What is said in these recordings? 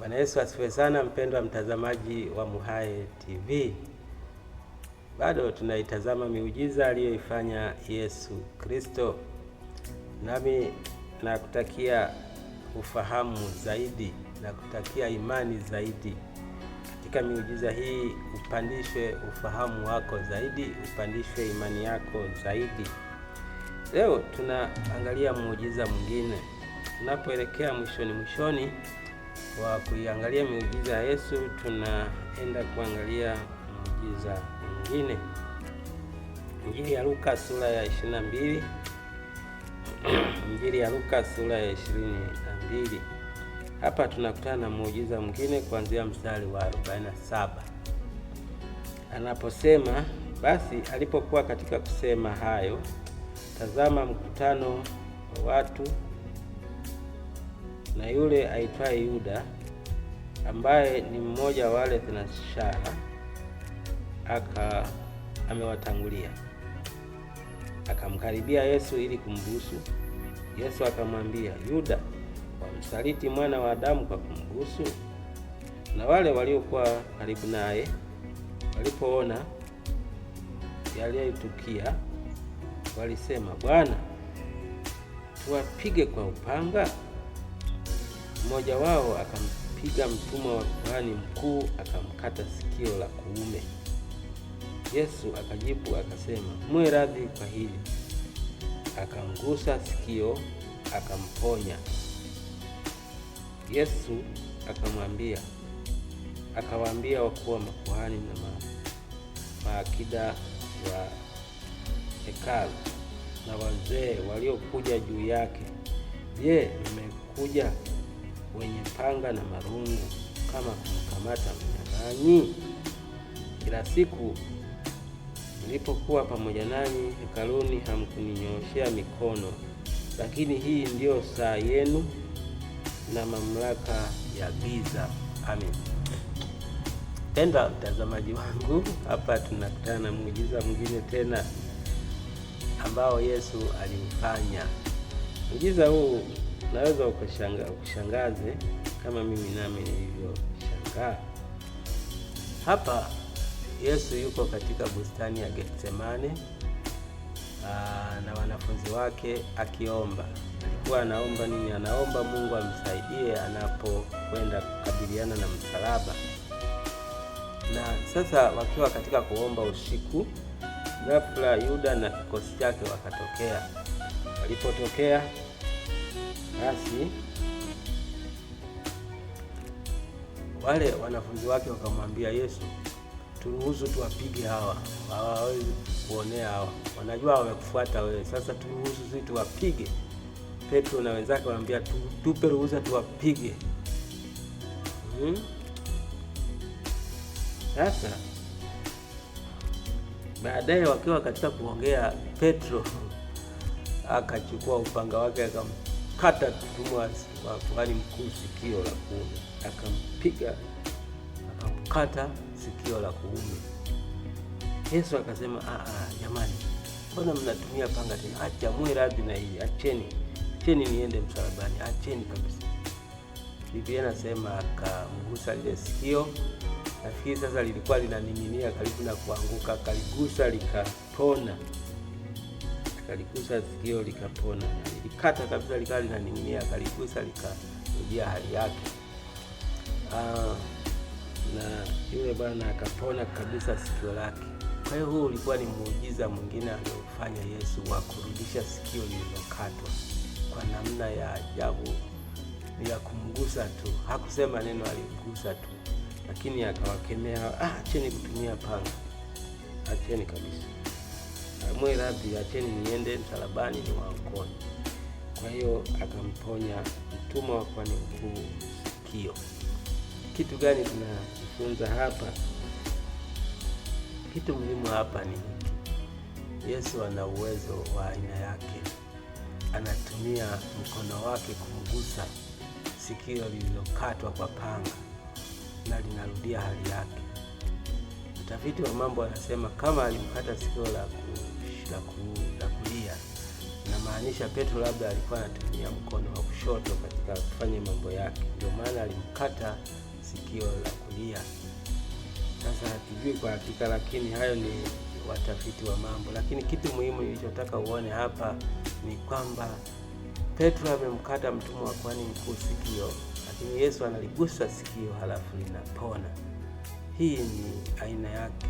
Bwana Yesu asifiwe sana, mpendwa mtazamaji wa MHAE TV. Bado tunaitazama miujiza aliyoifanya Yesu Kristo, nami nakutakia ufahamu zaidi, na kutakia imani zaidi katika miujiza hii. Upandishwe ufahamu wako zaidi, upandishwe imani yako zaidi. Leo tunaangalia muujiza mwingine, tunapoelekea mwishoni mwishoni kwa kuiangalia miujiza ya Yesu, tunaenda kuangalia muujiza mingine Injili ya Luka sura ya 22. Injili ya Luka sura ya 22. Hapa tunakutana na muujiza mwingine kuanzia mstari wa 47 anaposema, basi alipokuwa katika kusema hayo, tazama mkutano wa watu na yule aitwaye Yuda ambaye ni mmoja wa wale thenashara aka amewatangulia akamkaribia Yesu ili kumbusu. Yesu akamwambia, Yuda, wamsaliti mwana wa Adamu kwa kumbusu? Na wale waliokuwa karibu naye walipoona yaliyoitukia walisema, Bwana, tuwapige kwa upanga? Mmoja wao akampiga mtumwa wa kuhani mkuu, akamkata sikio la kuume. Yesu akajibu akasema, mwe radhi kwa hili. Akamgusa sikio, akamponya. Yesu akamwambia akawaambia wakuu wa makuhani na ma, maakida wa hekalu na wazee waliokuja juu yake, Je, mmekuja wenye panga na marungu kama kumkamata mnyang'anyi. Kila siku nilipokuwa pamoja nanyi hekaluni, hamkuninyoshea mikono, lakini hii ndiyo saa yenu na mamlaka ya giza. Amen. Penda mtazamaji wangu, hapa tunakutana na muujiza mwingine tena ambao Yesu aliufanya. Muujiza huu Naweza ukashanga ukushangaze kama mimi nami nilivyoshangaa. Hapa Yesu yuko katika bustani ya Getsemane na wanafunzi wake akiomba. Alikuwa anaomba nini? Anaomba Mungu amsaidie anapokwenda kukabiliana na msalaba. Na sasa wakiwa katika kuomba usiku, ghafla Yuda na kikosi chake wakatokea. Walipotokea basi wale wanafunzi wake wakamwambia Yesu, turuhusu tuwapige hawa, hawawezi kuonea hawa, wanajua wamekufuata wewe, sasa turuhusu sisi tuwapige. Petro na wenzake wanamwambia tupe ruhusa tuwapige. Hmm? Sasa baadaye wakiwa katika kuongea, Petro akachukua upanga wake akam akamkata Mtumwa wa kuhani mkuu sikio la kuume, akampiga akamkata sikio la kuume. Yesu akasema, ah, ah, jamani, mbona mnatumia panga tena? Acha mwe radhi na hii, acheni, acheni niende msalabani, acheni kabisa. Biblia inasema akamgusa lile sikio, nafikiri sasa lilikuwa linaning'inia karibu na kuanguka, kaligusa likapona. Nikaligusa sikio likapona, likata kabisa, likawa linaniumia, akaligusa likarudia hali yake. Ah, na yule bwana akapona kabisa sikio lake. Kwa hiyo huu ulikuwa ni muujiza mwingine aliofanya Yesu wa kurudisha sikio lililokatwa kwa namna ya ajabu, ya kumgusa tu. Hakusema neno, alimgusa tu, lakini akawakemea, ah, kutumia panga, acheni kabisa. Samueli, rabi acheni niende msalabani ni waokoni. Kwa hiyo akamponya mtumwa wa kwani mkuu sikio. Kitu gani tunajifunza hapa? Kitu muhimu hapa ni Yesu ana uwezo wa aina yake, anatumia mkono wake kumgusa sikio lililokatwa kwa panga na linarudia hali yake. Mtafiti wa mambo anasema kama alimkata sikio la la, ku, la kulia. Namaanisha Petro labda alikuwa anatumia mkono wa kushoto katika kufanya mambo yake, ndio maana alimkata sikio la kulia. Sasa hatujui kwa hakika, lakini hayo ni watafiti wa mambo. Lakini kitu muhimu nilichotaka uone hapa ni kwamba Petro amemkata mtumwa wa kwani mkuu sikio, lakini Yesu analigusa sikio halafu linapona. Hii ni aina yake.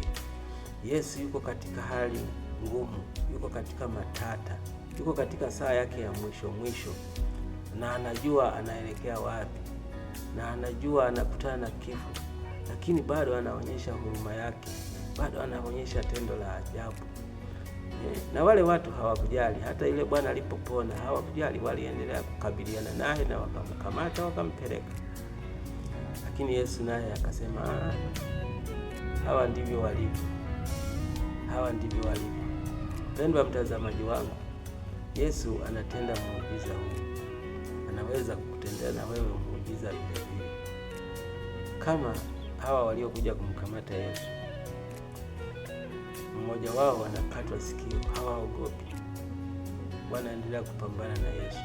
Yesu yuko katika hali ngumu, yuko katika matata, yuko katika saa yake ya mwisho mwisho, na anajua anaelekea wapi, na anajua anakutana na kifo, lakini bado anaonyesha huruma yake, bado anaonyesha tendo la ajabu eh, na wale watu hawakujali. Hata ile bwana alipopona hawakujali, waliendelea kukabiliana naye na wakamkamata wakampeleka. Lakini Yesu naye akasema, ah, hawa ndivyo walivyo, hawa ndivyo walivyo. Mpendwa mtazamaji wangu, Yesu anatenda muujiza huu, anaweza kukutendea na wewe muujiza vile, kama hawa waliokuja kumkamata Yesu. Mmoja wao anakatwa sikio, hawaogopi, wanaendelea kupambana na Yesu.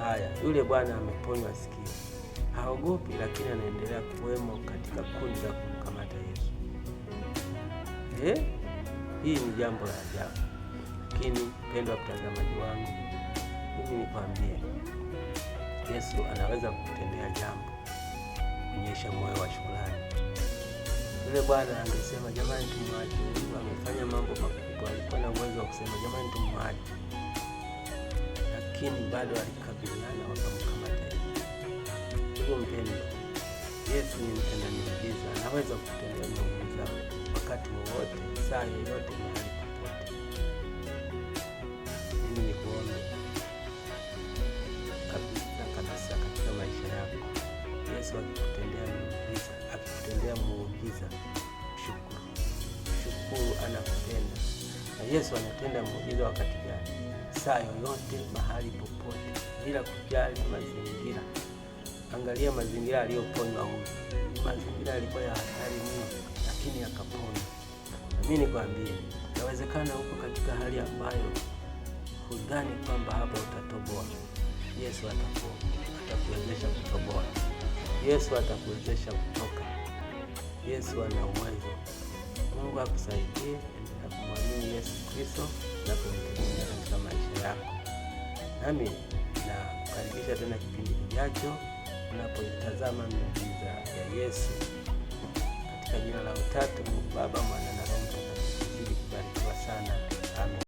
Haya, yule bwana ameponywa sikio, haogopi, lakini anaendelea kuwemo katika kundi la kumkamata Yesu eh? Hii ni jambo la ajabu, lakini mpendwa mtazamaji wangu, mimi nikwambie, Yesu anaweza kukutendea jambo, kuonyesha moyo wa shukrani. Yule bwana angesema jamani, tumwache, amefanya mambo makubwa, alikuwa na uwezo wa kusema jamani, tumwache, lakini bado alikabiliana, wakamkamata. Hivyo mpendwa, Yesu ni mtenda miujiza, anaweza kukutendea miujiza wakati wowote, saa yoyote, mahali popote. Mimi nikuombe kabisa kabisa katika maisha yako, Yesu akikutendea muujiza, akikutendea muujiza, shukuru, shukuru, anakutenda na Yesu anatenda muujiza wakati gani? Saa yoyote, mahali popote, bila kujali mazingira. Angalia mazingira aliyoponywa huyu, mazingira yalikuwa ya hatari mingi maskini akapona. Na mimi nikwambie, inawezekana huko katika hali ambayo hudhani kwamba hapa utatoboa, Yesu atakuwezesha kutoboa. Yesu atakuwezesha kutoka. Yesu ana uwezo. Mungu akusaidie, endelea kumwamini Yesu Kristo na kumtegemea katika maisha yako. Nami nakukaribisha tena kipindi kijacho unapoitazama miujiza ya Yesu katika jina la Utatu, Mungu Baba, Mwana na Roho Mtakatifu. Zidi kubarikiwa sana.